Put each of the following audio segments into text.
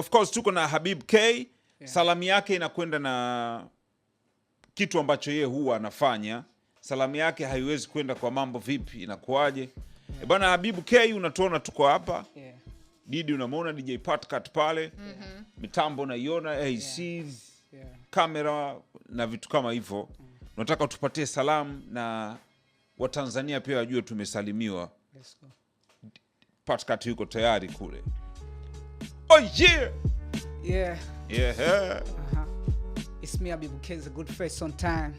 Of course tuko na Habib K yeah. Salamu yake inakwenda na kitu ambacho yeye huwa anafanya. Salamu yake haiwezi kwenda kwa mambo vipi, inakuaje? yeah. E Habibu K unatuona tuko hapa yeah. Didi unamwona DJ Patcat pale mm -hmm. Mitambo naiona ACs yeah. yeah. kamera na vitu kama hivyo mm. unataka tupatie salamu na Watanzania pia wajue tumesalimiwa. Patcat yuko tayari kule. a year. Yeah. Yeah. Uh-huh. It's me, Abibu Kids, a good face on time.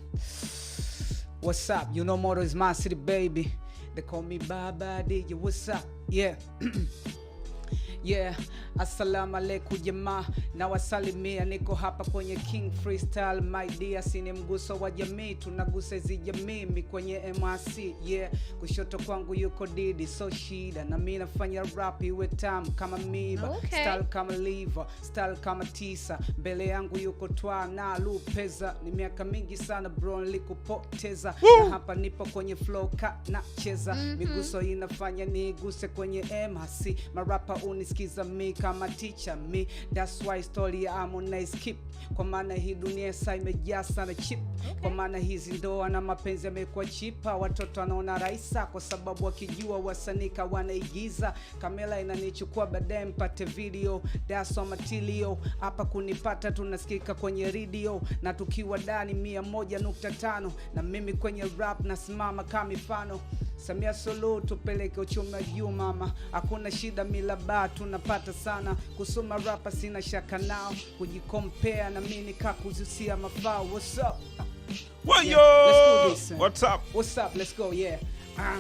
What's up? You know, motto is my city, baby. They call me Baba D. What's up? Yeah. Yeah, assalamu alaikum jamaa, nawasalimia. Niko hapa kwenye King Freestyle my dear, sini mguso wa jamii, tunagusa hizi jamii kwenye MRC. Yeah, kushoto kwangu yuko Didi, so shida na mimi nafanya rap iwe tam kama miba, okay. Style kama liver, style kama tisa, mbele yangu yuko twa na Lupeza. Ni miaka mingi sana bro nilikupoteza, na hapa nipo kwenye flow ka nacheza, mm -hmm. miguso inafanya niguse kwenye MRC, marapa uni Sikiza mi kama ticha mi, that's why story ya kwa maana hii dunia saa imejaa sana chip okay. Kwa maana hizi ndoa na mapenzi yamekuwa chipa, watoto wanaona raisa kwa sababu wakijua wasanika wanaigiza. Kamera inanichukua baadaye mpate video, that's why matilio hapa kunipata, tunasikika kwenye radio na tukiwa dani mia moja nukta tano na mimi kwenye rap nasimama kama mifano Samia Suluhu tupeleke uchumi juu mama, hakuna shida, ba tunapata sana. Kusoma rapa sina shaka nao, kujikompea na mimi nikakuzusia mafao. What's up? yeah, let's go, eh. what's up? What's up? Let's go, yeah. Uh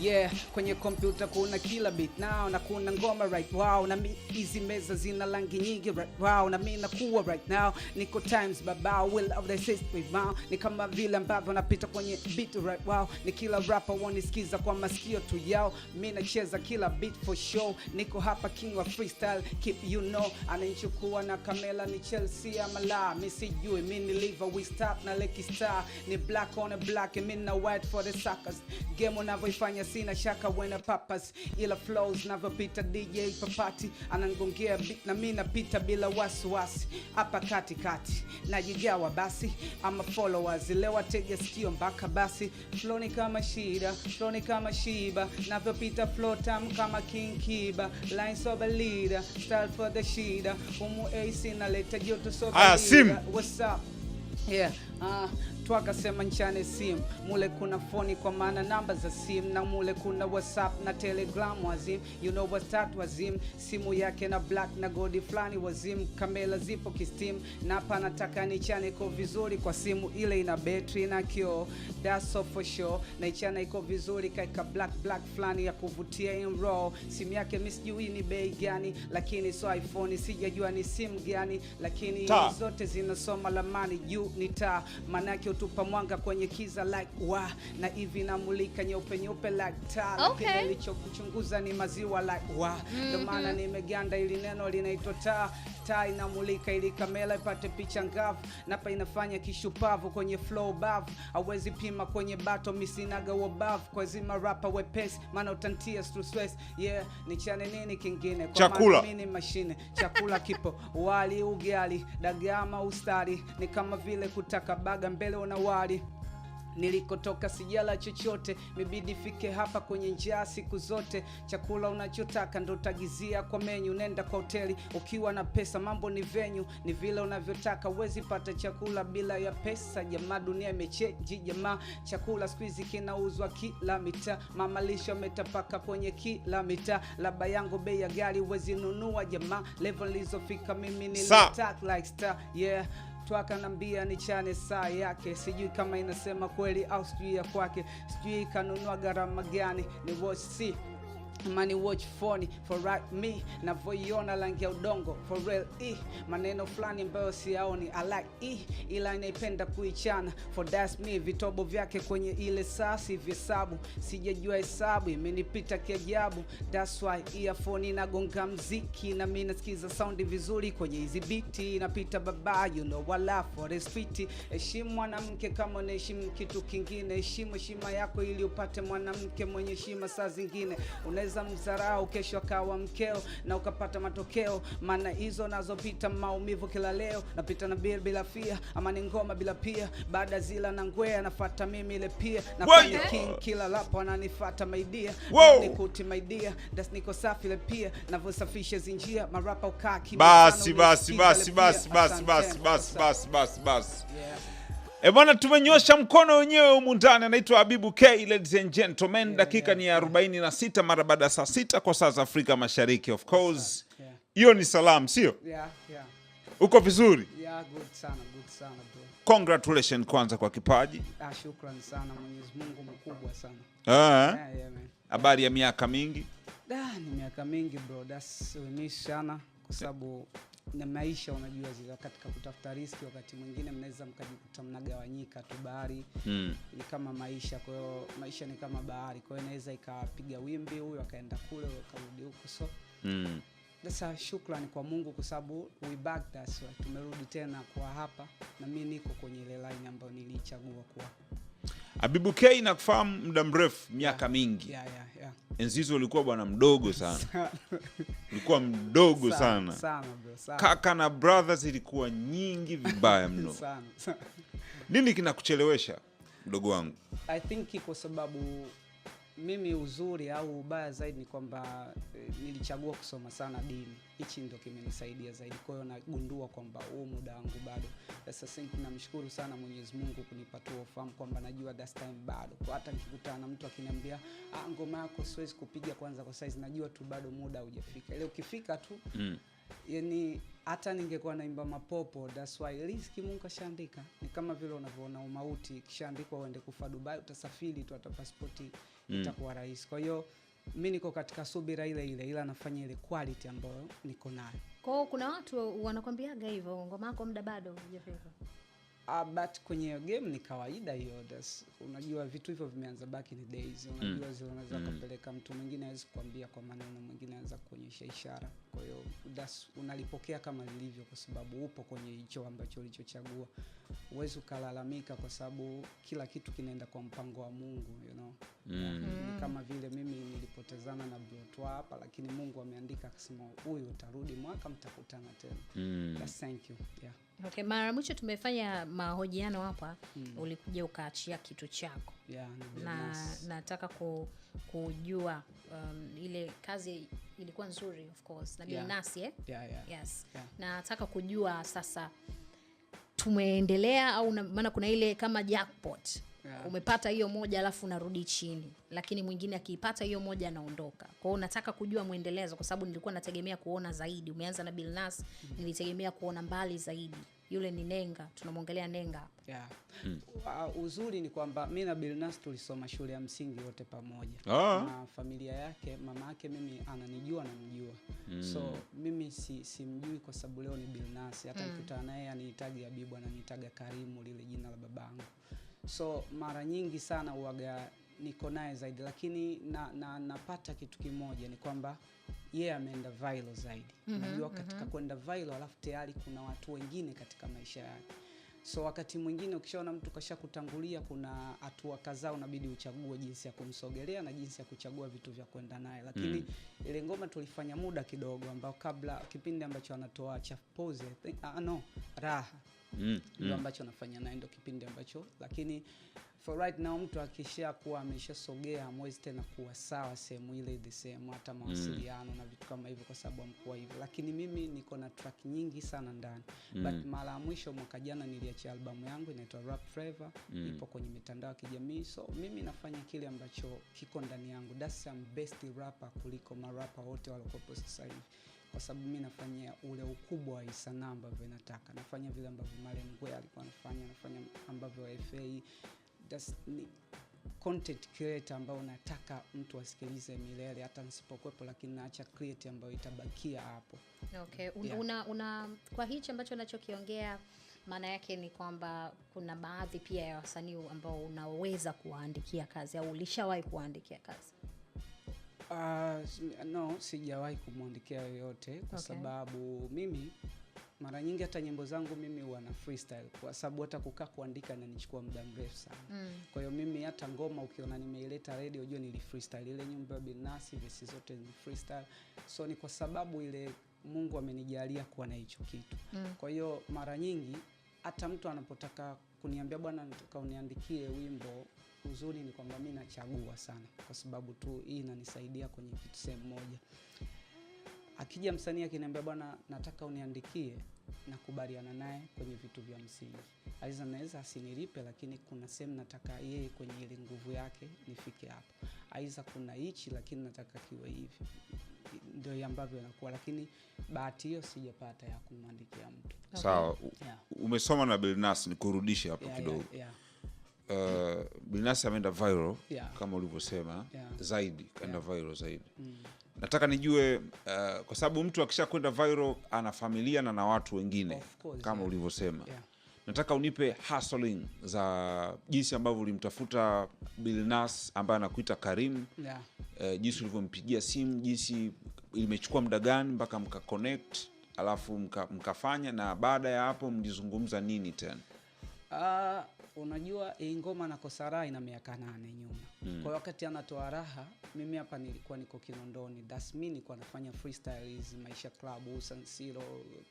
yeah, kwenye kompyuta kuna kila beat now na kuna ngoma right wow, na hizi meza zina rangi nyingi right wow, na mimi nakuwa right now, niko times baba will of the system wow, ni kama vile ambavyo napita kwenye beat right wow, ni kila rapper wanisikiza kwa masikio tu yao, mimi nacheza kila beat for show, niko hapa king wa freestyle keep you know, ananichukua na kamera ni Chelsea ama la, mimi sijui, mimi ni live we stop na Lucky Star, ni black on a black, mimi na white for the suckers game unavyoifanya Kenya sina shaka wena papas, ila flow zinavyopita DJ Papati anangongea beat na mimi napita bila wasiwasi hapa katikati najigawa basi, ama followers leo watega sikio mpaka basi, flow ni kama shida, flow ni kama shiba, navyopita flow tam kama King Kiba, line sober leader, style for the shida, umu AC naleta joto sober leader, what's up yeah ah, twakasema nchane sim mule kuna foni kwa maana namba za sim na mule kuna whatsapp na telegram wazim you know watatu wazim simu yake na black na godi flani wazim kamela zipo kistim na panataka nichane iko vizuri kwa simu ile ina betri na kio that's so for sure na ichana iko vizuri kaika black black flani ya kuvutia raw simu yake mi ni bei gani lakini so iphone sijajua ni simu gani lakini Ta. zote zinasoma lamani juu ni taa manake utupa mwanga kwenye kiza like wa na hivi namulika nyeupe nyeupe like ta lakini okay. Ilichokuchunguza ni maziwa like wa, ndio mm-hmm. maana mm -hmm. Nimeganda ili neno linaitwa taa taa inamulika ili kamera ipate picha ngavu, napa inafanya kishupavu kwenye flow bavu, awezi pima kwenye bato misinaga wobavu kwa zima rapa wepesi, maana utantia stress yeah, ni chane nini kingine kwa mashine chakula kipo wali ugali dagama ustari ni kama vile kutaka baga mbele una wali Nilikotoka sijala chochote, mibidi fike hapa kwenye njia siku zote. Chakula unachotaka ndo tagizia kwa menyu. Nenda kwa hoteli ukiwa na pesa, mambo ni venyu, ni vile unavyotaka. uwezi pata chakula bila ya pesa. Jamaa, dunia imechenji jamaa. Chakula siku hizi kinauzwa kila mitaa, mamalisho ametapaka kwenye kila mitaa. Laba yangu bei ya gari uwezi nunua jamaa, level nilizofika mimi ni like star yeah twakanambia ni chane saa yake, sijui kama inasema kweli au sijui ya kwake, sijui kanunua gharama gani, ni wosi Money watch phone for right me navyoiona rangi ya udongo for real e maneno fulani ambayo siyaoni I like e ila inaipenda kuichana for that's me vitobo vyake kwenye ile sasi vyesabu sijajua hesabu imenipita kiajabu that's why earphone inagonga mziki na mimi nasikiza sound vizuri kwenye hizi biti inapita baba you know what love for respect heshimu mwanamke kama unaheshimu kitu kingine heshimu heshima yako ili upate mwanamke mwenye heshima saa zingine unaweza unaweza msarau kesho akawa mkeo na ukapata matokeo, maana hizo nazopita maumivu kila leo, napita na bir bila fia, ama ni ngoma bila pia, baada zila na ngwea nafata mimi ile pia nafanya king kila lapo ananifata maidia nikuti maidia das niko safi ile pia navyosafisha zinjia marapa ukaki basi basi basi basi basi basi basi basi basi basi E bwana, tumenyosha mkono wenyewe humu ndani. Anaitwa Habibu K, ladies and gentlemen. Yeah, Dakika yeah, ni ya 46 mara baada ya saa sita kwa saa za Afrika Mashariki. Of course hiyo yeah. ni salamu, sio? yeah, yeah. Uko vizuri? Yeah, good sana, good sana bro. Congratulations kwanza kwa kipaji. Ah, shukrani sana. Mwenyezi Mungu mkubwa sana. Ah. Yeah, yeah, man. Habari ya miaka mingi? Da, ah, ni miaka mingi bro. That's sana kwa sababu yeah na maisha unajua zile, katika kutafuta riski, wakati mwingine mnaweza mkajikuta mnagawanyika tu, bahari mm. ni kama maisha. Kwa hiyo maisha ni kama bahari, kwa hiyo inaweza ikapiga wimbi, huyo akaenda kule, akarudi huku, so mm. Sasa shukrani kwa Mungu kwa sababu we back that's why tumerudi tena kwa hapa, na mimi niko kwenye ile line ambayo nilichagua kuwa. Habibu K nakufahamu muda mrefu, miaka yeah, mingi yeah, yeah, yeah. enzizo ulikuwa bwana mdogo sana ulikuwa mdogo sana, sana. Sana, bro, sana. Kaka na brothers ilikuwa nyingi vibaya mno Nini kinakuchelewesha mdogo wangu? I think kwa sababu mimi uzuri au ubaya zaidi ni kwamba e, nilichagua kusoma sana dini. Hichi ndo kimenisaidia zaidi, kwa hiyo nagundua kwamba huu muda wangu bado. Sasa namshukuru sana Mwenyezi Mungu kunipa tu ufahamu kwamba najua this time bado, kwa hata nikikutana na mtu akiniambia ah, ngoma yako siwezi kupiga kwanza kwa size, najua tu bado muda haujafika, ile ukifika tu mm yani hata ningekuwa naimba mapopo that's why riziki yaani, Mungu kashaandika. Ni kama vile unavyoona umauti kishaandikwa uende kufa Dubai, utasafiri tu, hata mm. itakuwa rahisi. Kwa hiyo mi niko katika subira ile ile, ila nafanya ile quality ambayo niko nayo. Kwao kuna watu wanakwambiaga hivyo, ngoma yako muda bado hujafika Uh, but kwenye game ni kawaida hiyo. Unajua vitu hivyo vimeanza back in days, mm. unajua mm. zile unaweza mm. kupeleka mm. mtu mwingine awezi kuambia kwa maneno, mwingine anaweza kuonyesha ishara. Kwa hiyo unalipokea kama lilivyo, kwa sababu upo kwenye hicho ambacho ulichochagua. Huwezi ukalalamika, kwa sababu kila kitu kinaenda kwa mpango wa Mungu you know? mm. kama vile mimi nilipotezana na Blotoa hapa, lakini Mungu ameandika akasema, huyu utarudi mwaka mtakutana tena mm. But thank you yeah. Okay, mara mwisho tumefanya mahojiano hapa mm. Ulikuja ukaachia kitu chako yeah, na Nataka ku, kujua um, ile kazi ilikuwa nzuri of course na binasi yeah. Eh? Yeah, yeah. Yes. Yeah. Nataka kujua sasa tumeendelea au maana kuna ile kama jackpot yeah. Umepata hiyo moja alafu unarudi chini, lakini mwingine akiipata hiyo moja anaondoka. Kwa hiyo nataka kujua mwendelezo, kwa sababu nilikuwa nategemea kuona zaidi. Umeanza na mm-hmm. nilitegemea kuona mbali zaidi. Yule ni Nenga, tunamwongelea Nenga yeah. hmm. Uh, uzuri ni kwamba mi na bilnas tulisoma shule ya msingi wote pamoja oh. na familia yake, mama yake mimi ananijua, anamjua hmm. so mimi si, simjui kwa sababu leo ni bilnas hata hmm. nikutana mm. naye anihitaji Habibu, ananihitaga Karimu, lile jina la babangu so mara nyingi sana uwaga niko naye zaidi, lakini na, na, napata kitu kimoja ni kwamba yeye yeah, ameenda vilo zaidi. mm -hmm, katika mm -hmm. kwenda vilo alafu tayari kuna watu wengine katika maisha yake so wakati mwingine ukishaona mtu kasha kutangulia kuna hatua kadhaa unabidi uchague jinsi ya kumsogelea na jinsi ya kuchagua vitu vya kwenda naye, lakini mm. ile ngoma tulifanya muda kidogo, ambao kabla kipindi ambacho anatoa chapoze uh, ah, no raha mm, mm. ambacho anafanya naye ndio kipindi ambacho, lakini for right now mtu akisha kuwa ameshasogea amwezi tena kuwa sawa sehemu ile the same, hata mawasiliano mm. na vitu kama hivyo, kwa sababu amkuwa hivyo. Lakini mimi niko na track nyingi sana ndani mm. but mara ya mwisho mwaka jana niliachia albamu yangu inaitwa Rap Forever mm. ipo kwenye mitandao ya kijamii, so mimi nafanya kile ambacho kiko ndani yangu. That's I'm best rapper kuliko marapa wote waliokopo sasa hivi kwa sababu mi nafanya ule ukubwa wa isana ambavyo nataka nafanya vile ambavyo malemgwe alikuwa nafanya nafanya ambavyo fa das, ni, content creator ambayo nataka mtu asikilize milele hata nsipokwepo lakini naacha create ambayo itabakia hapo okay. yeah. una, una kwa hichi ambacho unachokiongea maana yake ni kwamba kuna baadhi pia ya wasanii ambao unaweza kuwaandikia kazi au ulishawahi kuwaandikia kazi Uh, no, sijawahi kumwandikia yoyote kwa okay, sababu mimi mara nyingi hata nyimbo zangu mimi huwa na freestyle kwa sababu hata kukaa kuandika inanichukua muda mrefu sana. Mm. Kwa hiyo mimi hata ngoma ukiona nimeileta radio ujue nili freestyle ile nyimbo ya binafsi vesi zote ni freestyle. So ni kwa sababu ile Mungu amenijalia kuwa na hicho kitu. Mm. Kwa hiyo mara nyingi hata mtu anapotaka kuniambia bwana, nataka uniandikie wimbo uzuri ni kwamba mi nachagua sana, kwa sababu tu hii inanisaidia kwenye kitu sehemu moja. Akija msanii akiniambia bwana, nataka uniandikie, nakubaliana naye kwenye vitu vya msingi. Aidha naweza asinilipe, lakini kuna sehemu nataka yeye kwenye ile nguvu yake nifike hapo. aiza kuna hichi, lakini nataka kiwe hivi, ndio ambavyo inakuwa, lakini bahati hiyo sijapata ya kumwandikia mtu. Sawa, yeah. Umesoma na Bilnas, nikurudishe hapo yeah, kidogo yeah, yeah binafsi uh, ameenda viral yeah. kama ulivyosema yeah. zaidi kaenda yeah. viral zaidi mm. nataka nijue uh, kwa sababu mtu kwenda viral ana familia na na watu wengine course, kama yeah. ulivyosema yeah. nataka unipe hustling za jinsi ambavyo ulimtafuta bilnas ambaye anakuita Karim yeah. uh, jinsi ulivyompigia simu jinsi imechukua muda gani mpaka mkaconnect alafu mka, mkafanya na baada ya hapo mlizungumza nini tena uh, unajua hii ngoma na Kosaraa ina miaka nane nyuma mm. Kwa wakati anatoa raha, mimi hapa nilikuwa niko Kinondoni, dasmi nikuwa nafanya hizi Maisha klabu sansiro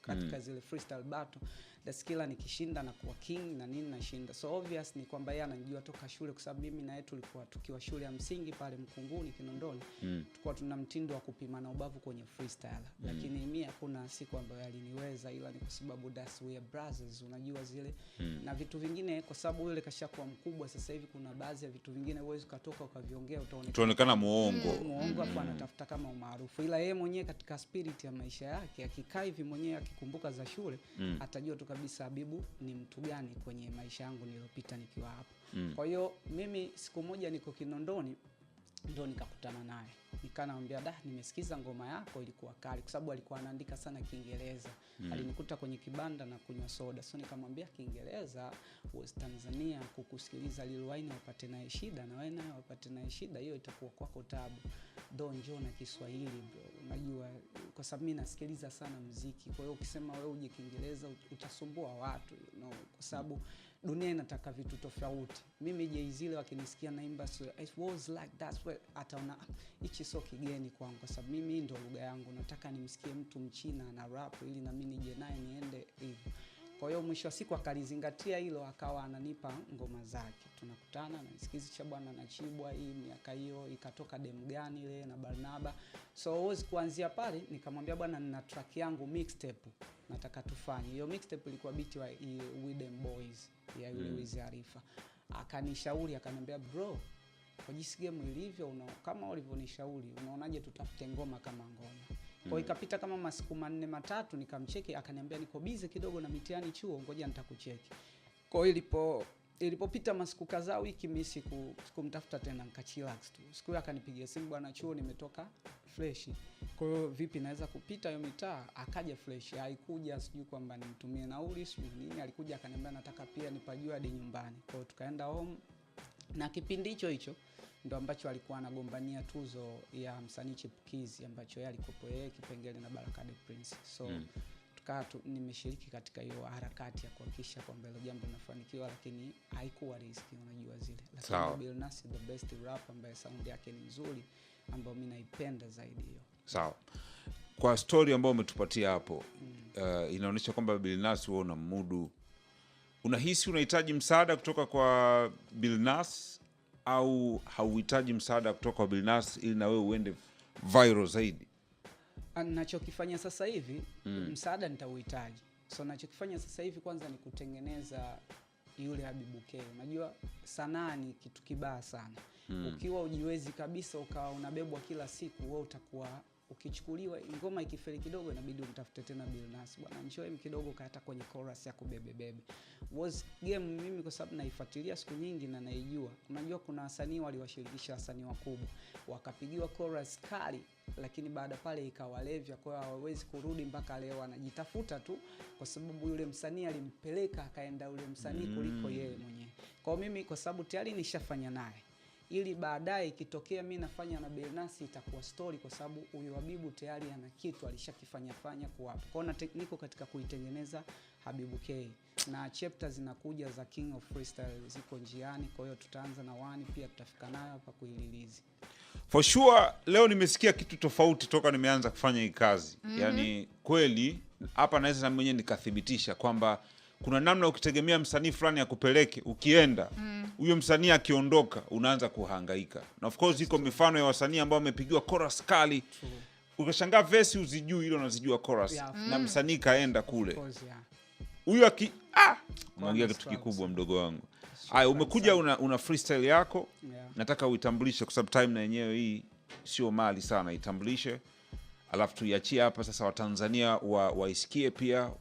katika mm. zile battle Daskila nikishinda na kuwa king na nini nashinda. So obvious ni kwamba yeye ananijua toka shule kwa sababu mimi na yeye tulikuwa tukiwa shule ya msingi pale Mkunguni Kinondoni. Mm. Tulikuwa tuna mtindo wa kupimana ubavu kwenye freestyle. Mm. Lakini mimi hakuna siku ambayo aliniweza ila ni kwa sababu that's we brothers unajua zile mm. na vitu vingine kwa sababu yule kashakuwa mkubwa sasa hivi kuna baadhi ya vitu vingine uwezi ukatoka ukaviongea utaonekana utaonekana muongo. Mm, muongo mm. anatafuta kama umaarufu ila yeye mwenyewe katika spirit ya maisha yake akikaa hivi mwenyewe akikumbuka za shule mm. atajua tu kabisa Habibu ni mtu gani kwenye maisha yangu niliyopita nikiwa hapo. Mm. Kwa hiyo mimi siku moja niko Kinondoni ndo nikakutana naye nikanamwambia, da, nimesikiza ngoma yako ilikuwa kali, kwa sababu alikuwa anaandika sana Kiingereza. mm. Alinikuta kwenye kibanda na kunywa soda, so nikamwambia, Kiingereza West Tanzania kukusikiliza Lil wapate naye shida na wewe wapate naye shida, hiyo itakuwa kwako tabu, ndo njoo na Kiswahili bro, unajua kwa sababu mi nasikiliza sana mziki. Kwa hiyo ukisema wewe uje Kiingereza utasumbua watu you know, kwa sababu dunia inataka vitu tofauti. Mimi jeizile wakinisikia naimba so it was like ataona ah, hichi sio kigeni kwangu, kwa sababu mimi ndio lugha yangu. Nataka nimsikie mtu mchina ana rap ili na mimi nije naye niende hivyo. Kwa hiyo mwisho wa siku akalizingatia hilo, akawa ananipa ngoma zake, tunakutana nanisikizi cha bwana Nachibwa, hii miaka hiyo ikatoka demu gani ile na Barnaba. So always kuanzia pale nikamwambia bwana, nina track yangu mixtape nataka tufanye hiyo mixtape. Ilikuwa biti wa Widem Boys ya yule mm. Wiz Khalifa. Akanishauri akaniambia, bro, kwa jinsi game ilivyo, una, kama ulivyonishauri, unaonaje tutafute ngoma kama ngoma kwa hiyo mm. ikapita kama masiku manne matatu, nikamcheki akaniambia niko busy kidogo na mitiani chuo, ngoja nitakucheki. Kwa hiyo ilipo ilipopita masiku kadhaa, wiki, mimi siku sikumtafuta tena, nikachillax tu. Siku hiyo akanipigia simu, bwana chuo nimetoka fresh, kwa hiyo vipi naweza kupita hiyo mitaa? Akaja fresh, haikuja sijui kwamba nimtumie nauli sijui nini, alikuja akaniambia nataka pia nipajue hadi nyumbani. Kwa hiyo tukaenda home na kipindi hicho hicho ndo ambacho alikuwa anagombania tuzo ya msanii chipukizi ambacho yeye alikopo yeye Kipengele na Baraka de Prince so mm. tukaa tu, nimeshiriki katika hiyo harakati ya kuhakikisha kwamba hilo jambo linafanikiwa, lakini haikuwa riski, unajua zile, lakini Bill the best rap ambaye sound yake ni nzuri, ambayo mimi naipenda zaidi hiyo. Sawa, kwa story ambayo umetupatia hapo mm. uh, inaonyesha kwamba Bill Nass wewe una mudu, unahisi unahitaji msaada kutoka kwa Bill au hauhitaji msaada kutoka kwa Bilnas ili na wewe uende viral zaidi? Ah, nachokifanya sasa hivi mm. msaada nitauhitaji. So nachokifanya sasa hivi kwanza ni kutengeneza yule Habibu Unajua sanaa ni kitu kibaya sana mm. ukiwa ujiwezi kabisa ukawa unabebwa kila siku, wewe utakuwa ukichukuliwa ngoma ikifeli kidogo, inabidi umtafute tena Billnass bwana, njoo him kidogo kata kwenye chorus ya bebe bebe. Was game mimi kwa sababu naifuatilia siku nyingi na naijua. Unajua kuna wasanii waliwashirikisha wasanii wakubwa wakapigiwa chorus kali lakini baada pale ikawalevya, kwa hiyo hawawezi kurudi mpaka leo, anajitafuta tu, kwa sababu yule msanii alimpeleka akaenda yule msanii kuliko mm. yeye mwenyewe. Kwa mimi, kwa sababu tayari nishafanya naye ili baadaye ikitokea mi nafanya na Bernasi itakuwa story kwa sababu huyu Habibu tayari ana kitu alishakifanya fanya kuwapa kwao, na niko katika kuitengeneza Habibu K na chapter zinakuja za King of Freestyle ziko njiani, kwa hiyo tutaanza na wani, pia tutafika nayo hapa kuililizi for sure. Leo nimesikia kitu tofauti toka nimeanza kufanya hii kazi mm -hmm. yaani kweli hapa naweza na mwenyewe nikathibitisha kwamba kuna namna ukitegemea msanii fulani akupeleke, ukienda mm. huyo mm. msanii akiondoka, unaanza kuhangaika. Na of course iko mifano ya wasanii ambao wamepigiwa chorus kali ukashangaa vesi uzijui, ile unazijua chorus yeah. na msanii kaenda kule huyo yeah. aki ah, unaongea kitu kikubwa mdogo wangu. Aya, umekuja una, una freestyle yako yeah. nataka uitambulishe kwa sababu time na yenyewe hii sio mali sana, itambulishe alafu tuiachie hapa sasa, Watanzania waisikie wa pia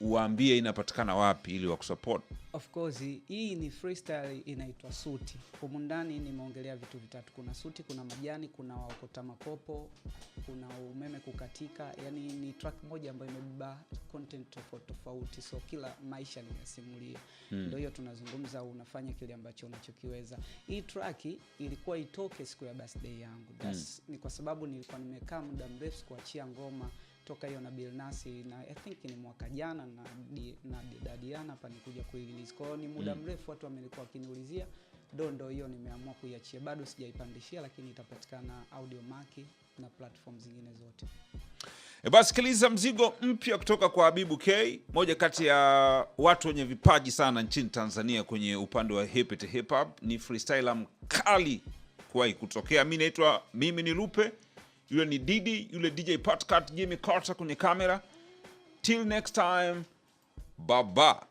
uwaambie inapatikana wapi ili wakusupport. Of course hii ni freestyle inaitwa suti. Humu ndani nimeongelea vitu vitatu, kuna suti, kuna majani, kuna waokota makopo, kuna umeme kukatika. Yani ni track moja ambayo imebeba content tofauti tofauti, so kila maisha linasimulia. Hmm. Ndio hiyo tunazungumza, unafanya kile ambacho unachokiweza. Hii track ilikuwa itoke siku ya birthday yangu. hmm. Ni kwa sababu nilikuwa nimekaa muda mrefu kuachia ngoma toka hiyo na Bilnasi na I think ni mwaka jana na, na Dadiana hapa nikuja kuirelease. Kwa hiyo ni muda mm. mrefu watu wamelikuwa wakiniulizia dondo hiyo, nimeamua kuiachia, bado sijaipandishia, lakini itapatikana audio maki na platform zingine zote. E basi, mzigo mpya kutoka kwa Habibu K, moja kati ya watu wenye vipaji sana nchini Tanzania kwenye upande wa hip hip hop. Ni freestyler mkali kuwahi kutokea. Mi naitwa mimi ni Lupe yule ni Didi, yule DJ Patcat, Jimmy Carter kwenye kamera. Till next time, baba.